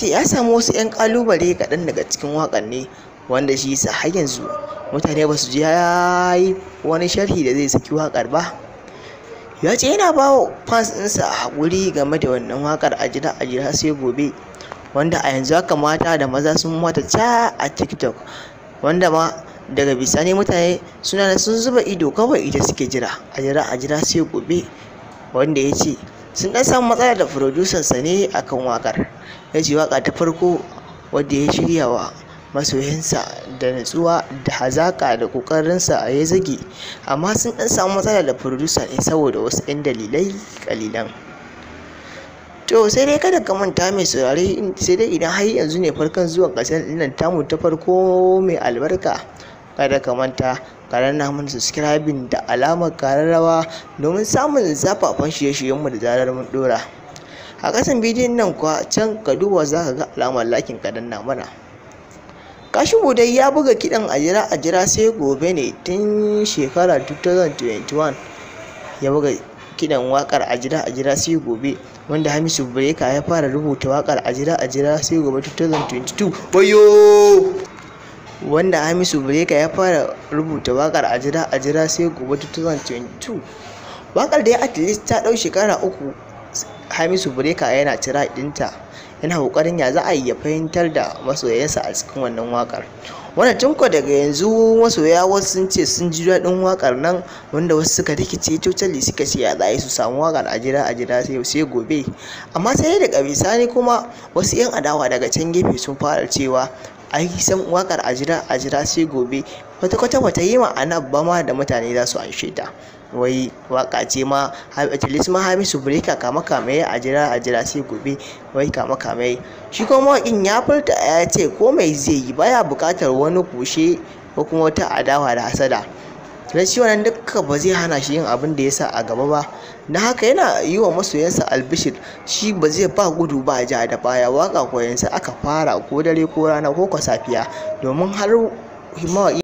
ce ya samu wasu 'yan kalubale kaɗan daga cikin waƙan ne wanda shi sa har yanzu mutane ba su ji ya yi wani sharhi da zai saki waƙar ba ya ce yana ba fans ɗinsa haƙuri game da wannan waƙar a jira a jira sai gobe wanda a yanzu haka mata da maza sun mata ca a tiktok wanda ma daga bisani mutane suna sun zuba ido kawai ita suke jira a jira a jira sai gobe wanda ya ce sun ɗan samu matsala da furodusan sa ne kan wakar ya ce waka ta farko wadda ya shirya wa masoyinsa da natsuwa da hazaƙa da kokarinsa ya zage amma sun ɗan samu matsala da furodusa ne saboda wasu 'yan dalilai ƙalilan. to sai dai kada ka manta mai saurare sai dai idan har yanzu ne farkon zuwan kasar nan tamu ta farko mai albarka kada ka manta ka danna subscribing da alamar kararrawa domin samun zafafan shirye-shiryenmu da zarar mun dora a kasan bidiyon nan kuwa can ka duba za ka ga alamar lakin ka danna mana kashi dai ya buga kiɗan a jira a jira sai gobe ne tun shekara 2021 ya buga kidan wakar a jira a jira sai gobe wanda hamisu breka ya fara rubuta wakar a jira a jira sai gobe 2022 bayo wanda Hamisu Breka ya fara rubuta waƙar a jira a jira sai gobe 2022. Waƙar da ya at least ta ɗau shekara uku Hamisu Breka yana tira dinta yana ƙoƙarin ya za a yi ya fahimtar da masoyansa a cikin wannan waƙar. Wannan tunko daga yanzu masoya wasu sun ce sun ji daɗin wakar nan wanda wasu suka rikice totali suka ce ya yi su samu wakar a jira a jira sai sai gobe. Amma sai daga bisani kuma wasu 'yan adawa daga can gefe sun fara cewa a yi san wakar a jira a jira sai gobe wata kwata bata yi ma'ana ba ma da mutane za su anshe ta wai waka ce ma atleast ma hamisu breka kama kame a jira a jira sai gobe wai kama kame shi kuma wakin ya furta ya ce ko mai zai yi baya bukatar wani kushe ko kuma wata adawa da hasada sannan shi wannan dukka ba zai hana shi yin abin da ya sa a gaba ba na haka yana yi wa masoyansa albishir shi ba zai ba gudu ba ja da baya waka koyansa aka fara ko dare ko rana ko safiya domin har mawaƙi